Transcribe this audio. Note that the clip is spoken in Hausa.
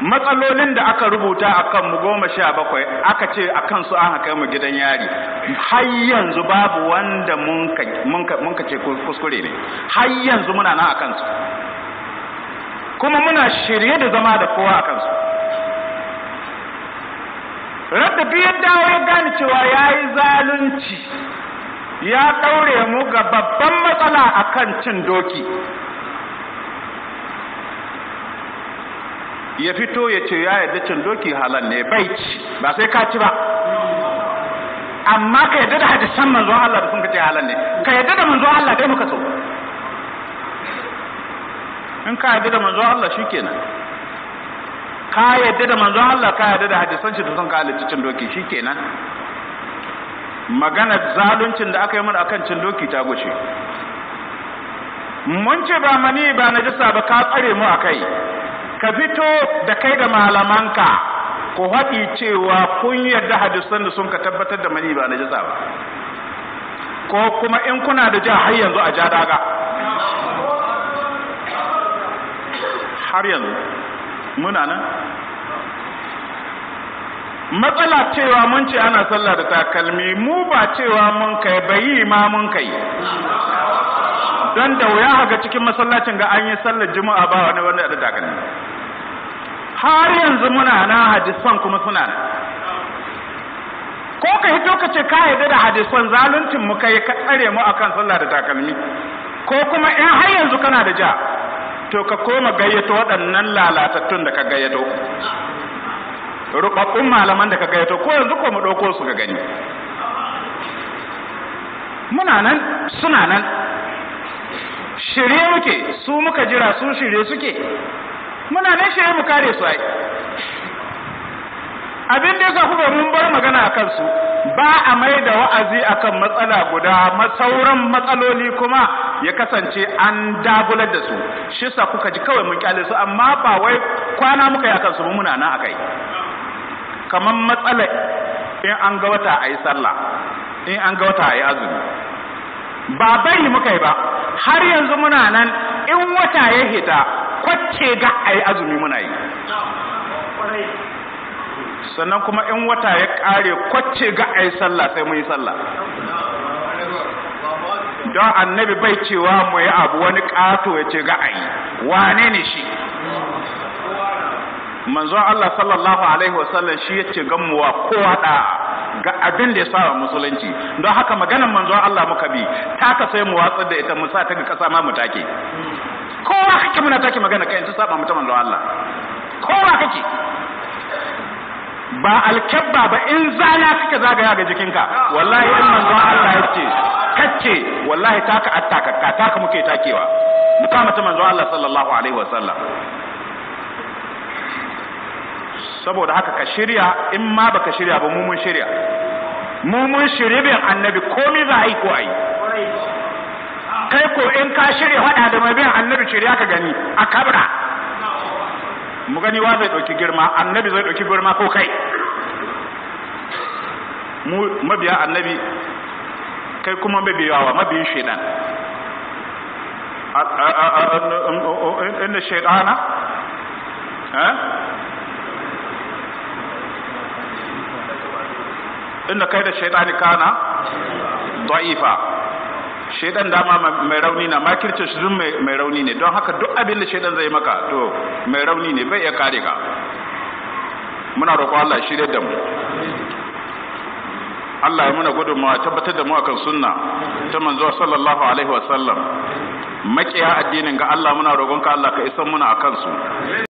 matsalolin da aka rubuta a kanmu goma sha bakwai aka ce a kansu an haka mu gidan yari har yanzu babu wanda mun ka ce kuskure ne har yanzu muna nan a kansu kuma muna shirye da zama da kowa a kansu rata biyar dawo ya gane cewa ya yi zalunci ya ɗaure mu ga babban matsala akan cin doki ya fito ya ce ya yarda cin doki halal ne bai ci ba sai ka ci ba amma ka yarda da hadisan manzo Allah da sun ce halal ne ka yarda da manzo Allah dai muka so in ka yarda da manzo Allah shikenan ka yarda da manzo Allah ka yarda da hadisan shi da sun ka cin doki shikenan maganar zaluncin da aka yi mana akan cin doki ta gushe mun ce ba mani ba na jisa ba ka tsare mu akai ka fito da kai da malamanka ku haɗi cewa kun yarda hadisan da sun ka tabbatar da mani ba na jisa ba ko kuma in kuna da ja har yanzu a ja daga har yanzu muna nan matsala cewa mun ce ana sallah da takalmi mu ba cewa mun kai bayi ma mun kai don da wuya haka cikin masallacin ga an yi sallar juma'a ba wani wanda da takalmi har yanzu muna na hadisan kuma suna nan ko ka hito ka ce ka yi da hadisan zaluntin mu kai ka tsare mu akan sallah da takalmi ko kuma in har yanzu kana da ja to ka koma gayyato waɗannan lalatattun da ka gayyato rubabbun malaman da ka gayyato ko yanzu ko mu ɗauko su ka gani muna nan suna nan shirye muke su muka jira sun shirye suke muna nan shi mu kare su ai abin da yasa kuma mun bar magana a kansu ba a mai da wa'azi akan matsala guda masauran matsaloli kuma ya kasance an dabular da su shi sa kuka ji kawai mun kyale su amma ba wai kwana muka yi akan su ba muna nan akai kamar matsala in an ga wata ayi sallah in an ga wata ayi azumi ba bai muka yi ba har yanzu muna nan in wata ya hita kwace ga ai azumi muna yi sannan kuma in wata ya ƙare kwace ga a sallah sai mun yi sallah don annabi bai cewa mu yi abu wani ƙato ya ce ga ai wane ne shi Manzo Allah sallallahu alaihi wasallam shi ya ce wa kowa da ga abin da ya sa musulunci don haka maganar manzo Allah muka bi ta ka sai mu watsar da ita mu sa ta ga kasa ma mu take kowa kake muna take magana kai ta saba mutum Allah kowa kake ba alkabba ba in zana kake zagaya ga jikinka wallahi in manzo Allah ya kace wallahi taka attaka ka taka muke takewa mukama ta manzo Allah sallallahu alaihi wa sallam. saboda haka ka shirya in ma baka shirya ba mu mun shirya mu mun shirya bin annabi komai za a yi ko a yi kai ko in ka shirya faɗa da mai bin annabi shirya ka gani a kabra mu gani wa zai ɗauki girma annabi zai ɗauki girma ko kai mu mabiya annabi kai kuma mabiyawa mabiyin shaidan inda shaidana inda kai da shaidani kana da'ifa shaidan dama mai rauni na makirce shi zun mai rauni ne don haka duk abin da shaidan zai maka to mai rauni ne bai iya kare ka muna roƙo Allah shi da mu Allah ya muna gudunmawa tabbatar da mu akan sunna ta manzo sallallahu alaihi wa sallam makiya addinin ga Allah muna ka Allah ka isa muna akan su